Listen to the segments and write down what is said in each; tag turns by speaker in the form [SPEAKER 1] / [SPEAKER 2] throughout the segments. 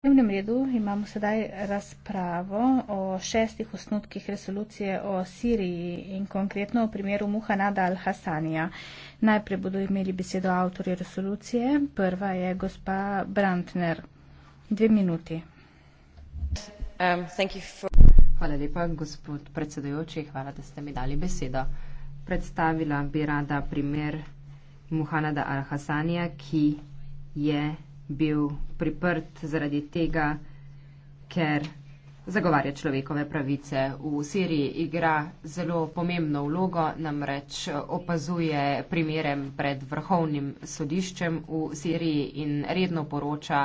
[SPEAKER 1] V dnevnem redu imamo sedaj razpravo o šestih osnutkih resolucije o Siriji in konkretno o primeru Muhanada al-Hasanija. Najprej bodo imeli besedo avtori resolucije. Prva je gospa Brantner. Dve
[SPEAKER 2] minuti. Um, Hvala lepa, gospod predsedojoči. Hvala, da ste mi dali besedo. Predstavila bi rada primer Muhanada al-Hasanija, ki je bil priprt zaradi tega, ker zagovarja človekove pravice. V Siriji igra zelo pomembno vlogo, namreč opazuje primere pred vrhovnim sodiščem v Siriji in redno poroča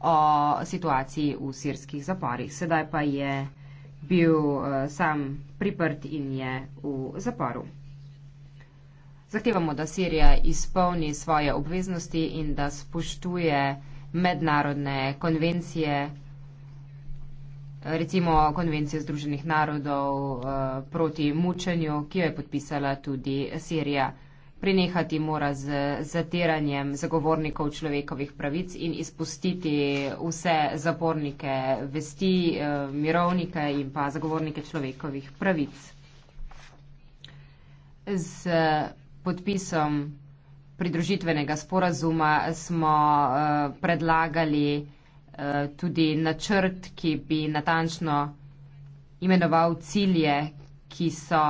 [SPEAKER 2] o situaciji v sirskih zaporih. Sedaj pa je bil eh, sam priprt in je v zaporu. Zahtevamo, da Sirija izpolni svoje obveznosti in da spoštuje mednarodne konvencije, recimo konvencije Združenih narodov eh, proti mučenju, ki jo je podpisala tudi Sirija. Prenehati mora z zatiranjem zagovornikov človekovih pravic in izpustiti vse zapornike vesti, eh, mirovnike in pa zagovornike človekovih pravic. Z podpisom pridružitvenega sporazuma smo eh, predlagali eh, tudi načrt, ki bi natančno imenoval cilje, ki so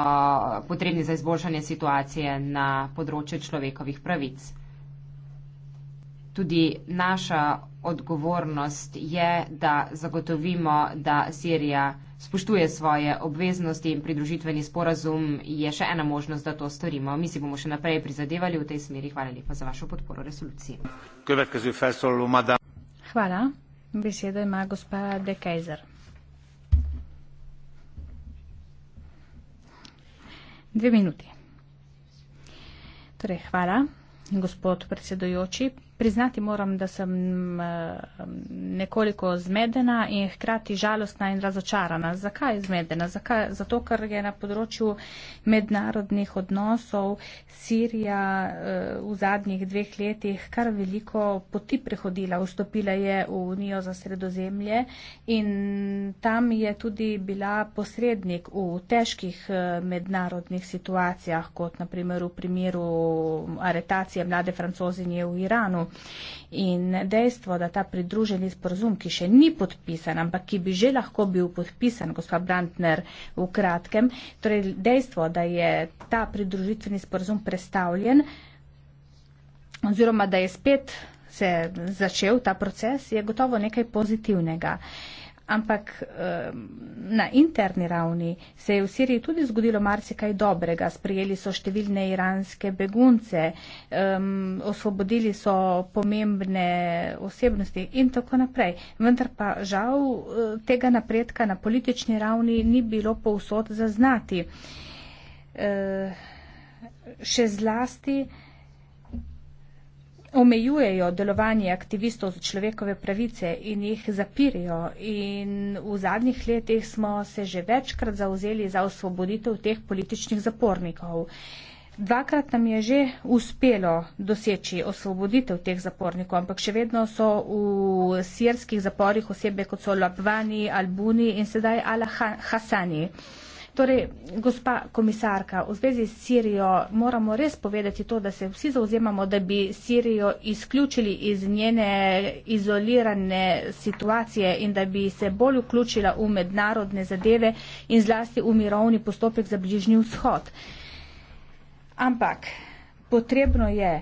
[SPEAKER 2] potrebni za izboljšanje situacije na področju človekovih pravic. Tudi naša odgovornost je, da zagotovimo, da Sirija spoštuje svoje obveznosti in pridružitveni sporazum je še ena možnost, da to storimo. Mi si bomo še naprej prizadevali v tej smeri. Hvala lepa za vašo podporo resoluciji. Hvala.
[SPEAKER 1] Besedo ima gospa De Kajzer. Dve minuti. Torej, hvala, gospod predsedujoči. Priznati moram, da sem eh, nekoliko zmedena in hkrati žalostna in razočarana. Zakaj zmedena? Zakaj? Zato, ker je na področju mednarodnih odnosov Sirija eh, v zadnjih dveh letih kar veliko poti prehodila. Vstopila je v Unijo za sredozemlje in tam je tudi bila posrednik v težkih eh, mednarodnih situacijah, kot naprimer v primeru aretacije mlade francozinje v Iranu. In dejstvo, da ta pridruženi sporozum, ki še ni podpisan, ampak ki bi že lahko bil podpisan, gospa Brantner, v kratkem, torej dejstvo, da je ta pridružitveni sporozum predstavljen oziroma da je spet se začel ta proces, je gotovo nekaj pozitivnega. Ampak na interni ravni se je v Siriji tudi zgodilo marsikaj dobrega. Sprijeli so številne iranske begunce, osvobodili so pomembne osebnosti in tako naprej. Vendar pa žal e, tega napredka na politični ravni ni bilo povsod zaznati. E, še zlasti omejujejo delovanje aktivistov za človekove pravice in jih zapirijo. In v zadnjih letih smo se že večkrat zauzeli za osvoboditev teh političnih zapornikov. Dvakrat nam je že uspelo doseči osvoboditev teh zapornikov, ampak še vedno so v sirskih zaporih osebe kot so Labvani, Albuni in sedaj Al-Hasani. -ha Torej, gospa komisarka, v zvezi s Sirijo moramo res povedati to, da se vsi zauzemamo, da bi Sirijo izključili iz njene izolirane situacije in da bi se bolj vključila v mednarodne zadeve in zlasti v mirovni postopek za bližnji vzhod. Ampak potrebno je,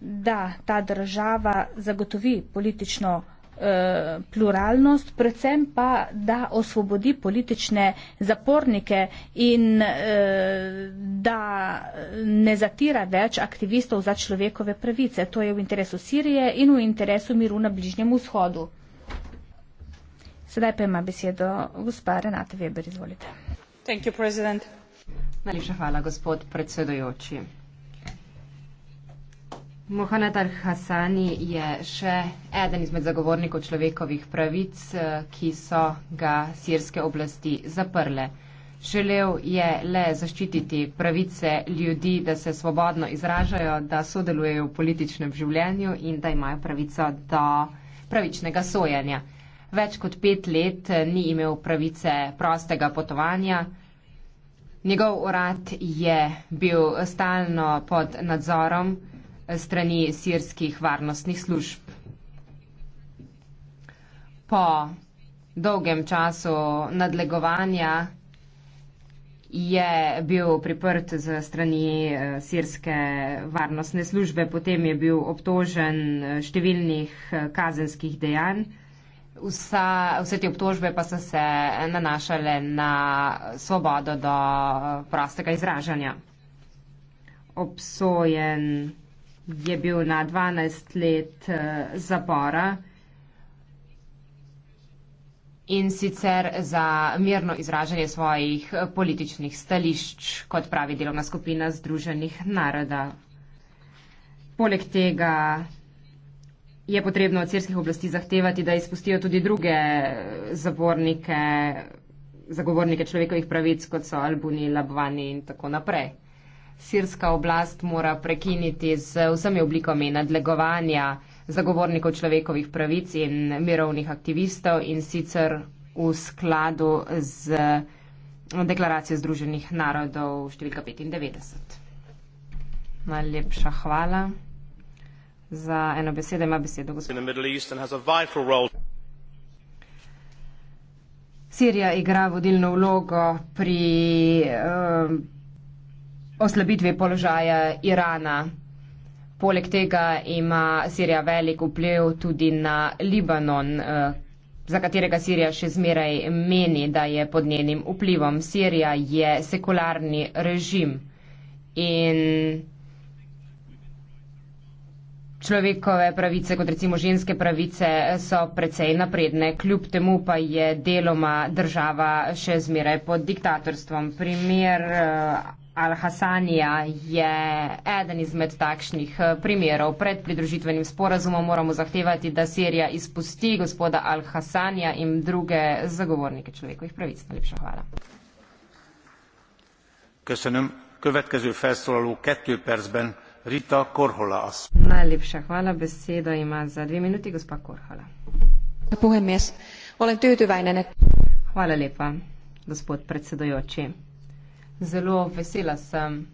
[SPEAKER 1] da ta država zagotovi politično. Eh, pluralnost, predvsem pa, da osvobodi politične zapornike in eh, da ne zatira več aktivistov za človekove pravice. To je v interesu Sirije in v interesu miru na Bližnjem vzhodu. Sedaj pa ima besedo gospa Renata Weber, izvolite.
[SPEAKER 2] Najlepša hvala, gospod predsedujoči. Mohamed Al-Hassani je še eden izmed zagovornikov človekovih pravic, eh, ki so ga sirske oblasti zaprle. Želel je le zaščititi pravice ljudi, da se svobodno izražajo, da sodelujejo v političnem življenju in da imajo pravico do pravičnega sojenja. Več kot pet let eh, ni imel pravice prostega potovanja. Njegov urad je bil stalno pod nadzorom strani sirskih varnostnih služb. Po dolgem času nadlegovanja je bil priprt z strani eh, sirske varnostne službe, potem je bil obtožen eh, številnih eh, kazenskih dejanj. Vsa, vse te obtožbe pa so se nanašale na svobodo do prostega izražanja. Obsojen je bil na 12 let eh, zapora in sicer za mirno izražanje svojih eh, političnih stališč, kot pravi delovna skupina Združenih naroda. Poleg tega je potrebno od sirskih oblasti zahtevati, da izpustijo tudi druge eh, zapornike, zagovornike človekovih pravic, kot so Albuni, Labvani in tako naprej sirska oblast mora prekiniti z vsemi oblikami nadlegovanja zagovornikov človekovih pravic in mirovnih aktivistov in sicer v skladu z deklaracijo Združenih narodov številka 95. Najlepša hvala za eno besedo. Ima besedo gospod. Sirija igra vodilno vlogo pri uh, oslabitvi položaja Irana. Poleg tega ima Sirija velik vpliv tudi na Libanon, eh, za katerega Sirija še zmeraj meni, da je pod njenim vplivom. Sirija je sekularni režim in človekove pravice, kot recimo ženske pravice, so precej napredne, kljub temu pa je deloma država še zmeraj pod diktatorstvom. Primer eh, Al-Hasanija je eden izmed takšnih eh, primerov. Pred pridružitvenim sporazumom moramo zahtevati, da Sirija izpusti gospoda Al-Hasanija in druge zagovornike človekovih pravic. Najlepša hvala. Najlepša hvala. Besedo ima za dve minuti gospa Korhola. Hvala lepa, gospod predsedojoči. Zelo vesela sem,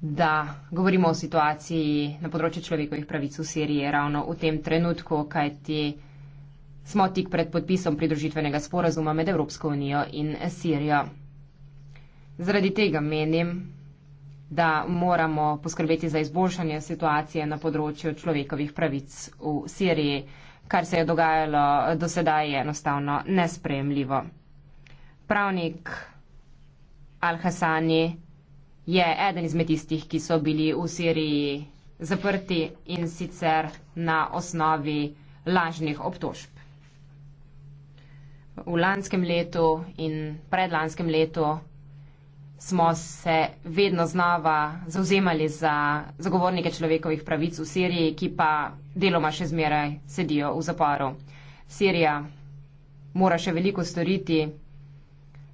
[SPEAKER 2] da govorimo o situaciji na področju človekovih pravic v Siriji ravno v tem trenutku, kajti smo tik pred podpisom pridružitvenega sporazuma med Evropsko unijo in Sirijo. Zaradi tega menim, da moramo poskrbeti za izboljšanje situacije na področju človekovih pravic v Siriji. Kar se je dogajalo do sedaj, je enostavno nespremljivo. Pravnik Al-Hasani je eden izmed tistih, ki so bili v Siriji zaprti in sicer na osnovi lažnih obtožb. V lanskem letu in predlanskem letu smo se vedno znova zauzemali za zagovornike človekovih pravic v Siriji, ki pa deloma še zmeraj sedijo v zaporu. Sirija mora še veliko storiti,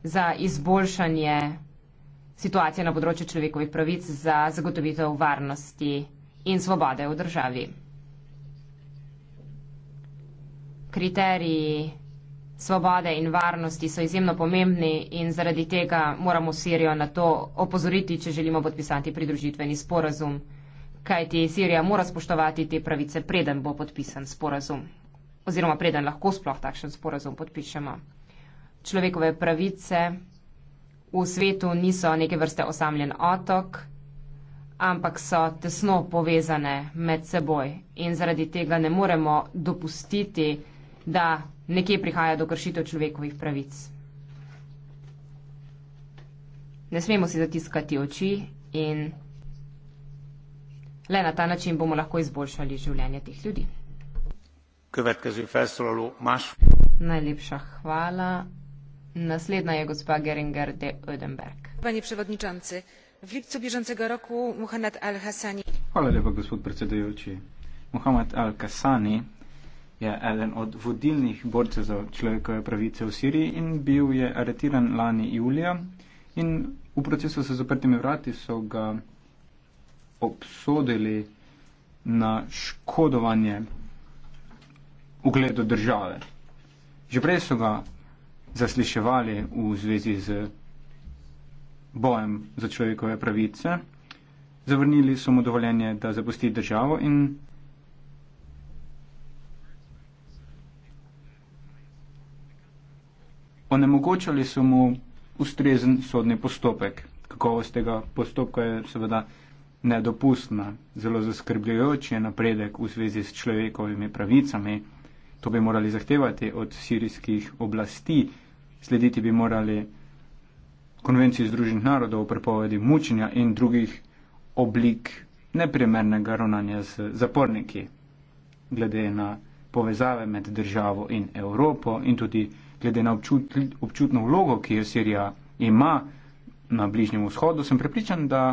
[SPEAKER 2] za izboljšanje situacije na področju človekovih pravic, za zagotovitev varnosti in svobode v državi. Kriteriji svobode in varnosti so izjemno pomembni in zaradi tega moramo Sirijo na to opozoriti, če želimo podpisati pridružitveni sporazum, kajti Sirija mora spoštovati te pravice, preden bo podpisan sporazum oziroma preden lahko sploh takšen sporazum podpišemo človekove pravice, v svetu niso neke vrste osamljen otok, ampak so tesno povezane med seboj in zaradi tega ne moremo dopustiti, da nekje prihaja do kršitev človekovih pravic. Ne smemo si zatiskati oči in le na ta način bomo lahko izboljšali življenje teh ljudi. Najlepša hvala. Naslednja je gospa Geringer de Oedenberg. Panie przewodniczący, w lipcu bieżącego roku Muhammad al-Hassani.
[SPEAKER 3] Hvala lepa, gospod predsedujoči. Muhammad al-Kassani je eden od vodilnih borcev za človekove pravice v Siriji in bil je aretiran lani julija. In v procesu se zaprtimi vrati so ga obsodili na škodovanje ugledu države. Že prej so ga zasliševali v zvezi z bojem za človekove pravice. Zavrnili so mu dovoljenje, da zapusti državo in onemogočali so mu ustrezen sodni postopek. Kakovost tega postopka je seveda nedopustna. Zelo zaskrbljujoč je napredek v zvezi s človekovimi pravicami to bi morali zahtevati od sirijskih oblasti, slediti bi morali konvenciji Združenih narodov o prepovedi mučenja in drugih oblik neprimernega ravnanja z zaporniki, glede na povezave med državo in Evropo in tudi glede na občut, občutno vlogo, ki jo Sirija ima na Bližnjem vzhodu, sem prepričan, da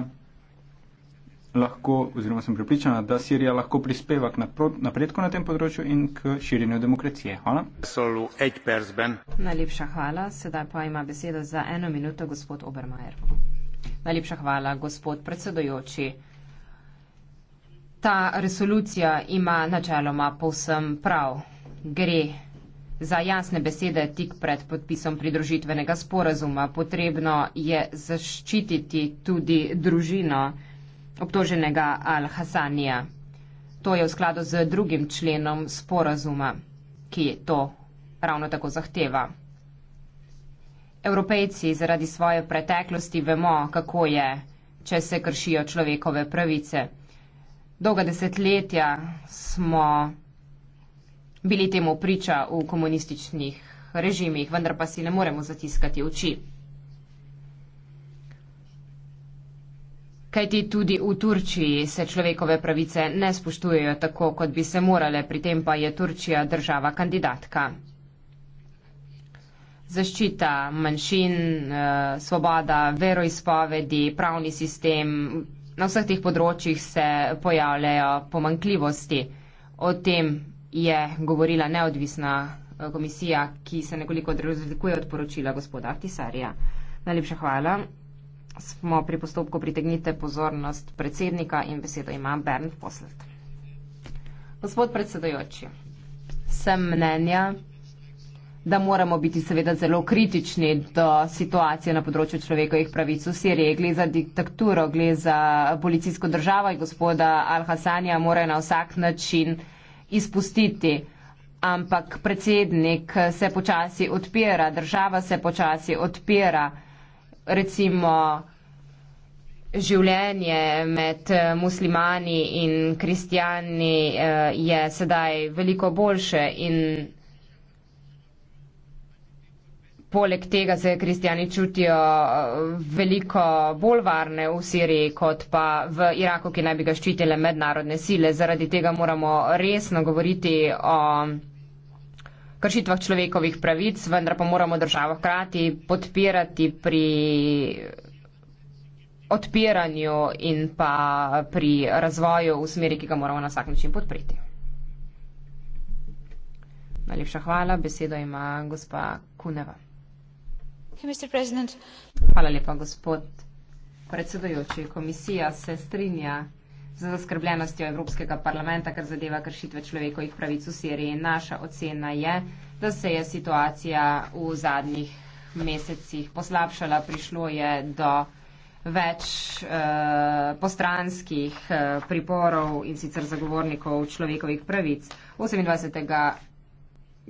[SPEAKER 3] lahko, oziroma sem pripričana, da Sirija lahko prispeva k napredku na tem področju in k širjenju demokracije. Hvala.
[SPEAKER 2] Najlepša hvala. Sedaj pa ima besedo za eno minuto gospod Obermajer. Najlepša hvala, gospod predsedojoči. Ta resolucija ima načeloma povsem prav. Gre za jasne besede tik pred podpisom pridružitvenega sporazuma. Potrebno je zaščititi tudi družino obtoženega Al-Hasanija. To je v skladu z drugim členom sporazuma, ki to ravno tako zahteva. Evropejci zaradi svoje preteklosti vemo, kako je, če se kršijo človekove pravice. Dolga desetletja smo bili temu priča v komunističnih režimih, vendar pa si ne moremo zatiskati oči. Kajti tudi v Turčiji se človekove pravice ne spoštujejo tako, kot bi se morale, pri tem pa je Turčija država kandidatka. Zaščita manjšin, eh, svoboda, veroizpovedi, pravni sistem, na vseh teh področjih se pojavljajo pomankljivosti. O tem je govorila neodvisna eh, komisija, ki se nekoliko razlikuje od poročila gospoda Tisarija. Najlepša hvala smo pri postopku pritegnite pozornost predsednika in besedo ima Bernd Poslet. Gospod predsedojoči, sem mnenja, da moramo biti seveda zelo kritični do situacije na področju človekovih pravic v Siriji. Gle za diktaturo, gle za policijsko državo in gospoda Al-Hasanja morajo na vsak način izpustiti. Ampak predsednik se počasi odpira, država se počasi odpira recimo življenje med eh, muslimani in kristijani eh, je sedaj veliko boljše in poleg tega se kristijani čutijo eh, veliko bolj varne v Siriji kot pa v Iraku, ki naj bi ga ščitile mednarodne sile. Zaradi tega moramo resno govoriti o kršitvah človekovih pravic, vendar pa moramo državo hkrati podpirati pri odpiranju in pa pri razvoju v smeri, ki ga moramo na vsak način podpreti. Najlepša hvala. Besedo ima gospa Kuneva. Hvala lepa, gospod predsedujoči. Komisija se strinja z zaskrbljenostjo Evropskega parlamenta, kar zadeva kršitve človekovih pravic v Siriji. Naša ocena je, da se je situacija v zadnjih mesecih poslabšala, prišlo je do več eh, postranskih eh, priporov in sicer zagovornikov človekovih pravic. 28.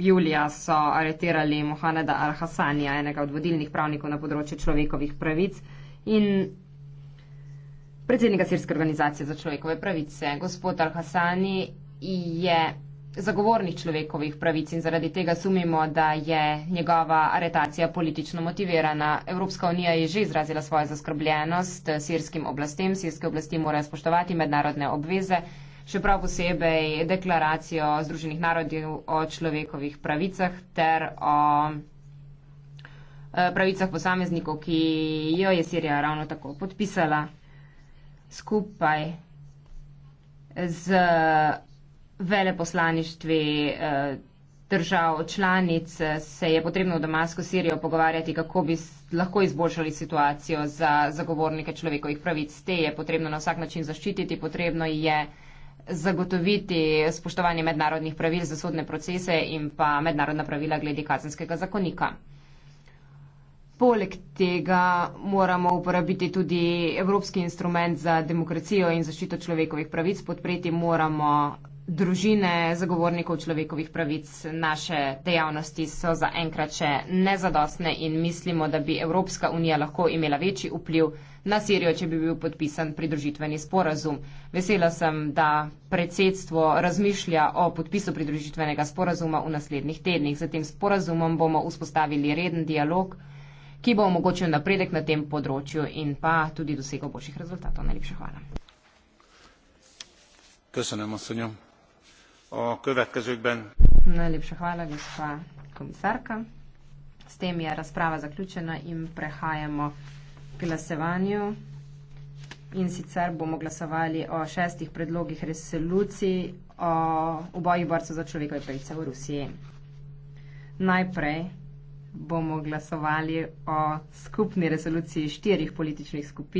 [SPEAKER 2] julija so aretirali Mohameda Al-Hassanija, enega od vodilnih pravnikov na področju človekovih pravic in Predsednika Sirske organizacije za človekove pravice, gospod Al-Hasani, je zagovornik človekovih pravic in zaradi tega sumimo, da je njegova aretacija politično motivirana. Evropska unija je že izrazila svojo zaskrbljenost sirskim oblastem. Sirske oblasti morajo spoštovati mednarodne obveze, še prav posebej deklaracijo Združenih narodov o človekovih pravicah ter o eh, pravicah posameznikov, ki jo je Sirija ravno tako podpisala skupaj z veleposlaništvi eh, držav članic eh, se je potrebno v Damasku, Sirijo pogovarjati, kako bi lahko izboljšali situacijo za zagovornike človekovih pravic. Te je potrebno na vsak način zaščititi, potrebno je zagotoviti spoštovanje mednarodnih pravil za sodne procese in pa mednarodna pravila glede kazenskega zakonika. Poleg tega moramo uporabiti tudi Evropski instrument za demokracijo in zaščito človekovih pravic, podpreti moramo družine zagovornikov človekovih pravic. Naše dejavnosti so za enkrat še nezadostne in mislimo, da bi Evropska unija lahko imela večji vpliv na Sirijo, če bi bil podpisan pridružitveni sporazum. Vesela sem, da predsedstvo razmišlja o podpisu pridružitvenega sporazuma v naslednjih tednih. Z tem sporazumom bomo vzpostavili reden dialog, ki bo omogočil napredek na tem področju in pa tudi dosego boljših rezultatov. Najlepša hvala.
[SPEAKER 3] Köszönöm, asszonyom. A következőkben...
[SPEAKER 2] Najlepša hvala, gospa komisarka. S tem je razprava zaključena in prehajamo k glasovanju. In sicer bomo glasovali o šestih predlogih resolucij o uboji borcev za človekove pravice v Rusiji. Najprej bomo glasovali o skupni resoluciji štirih političnih skupin.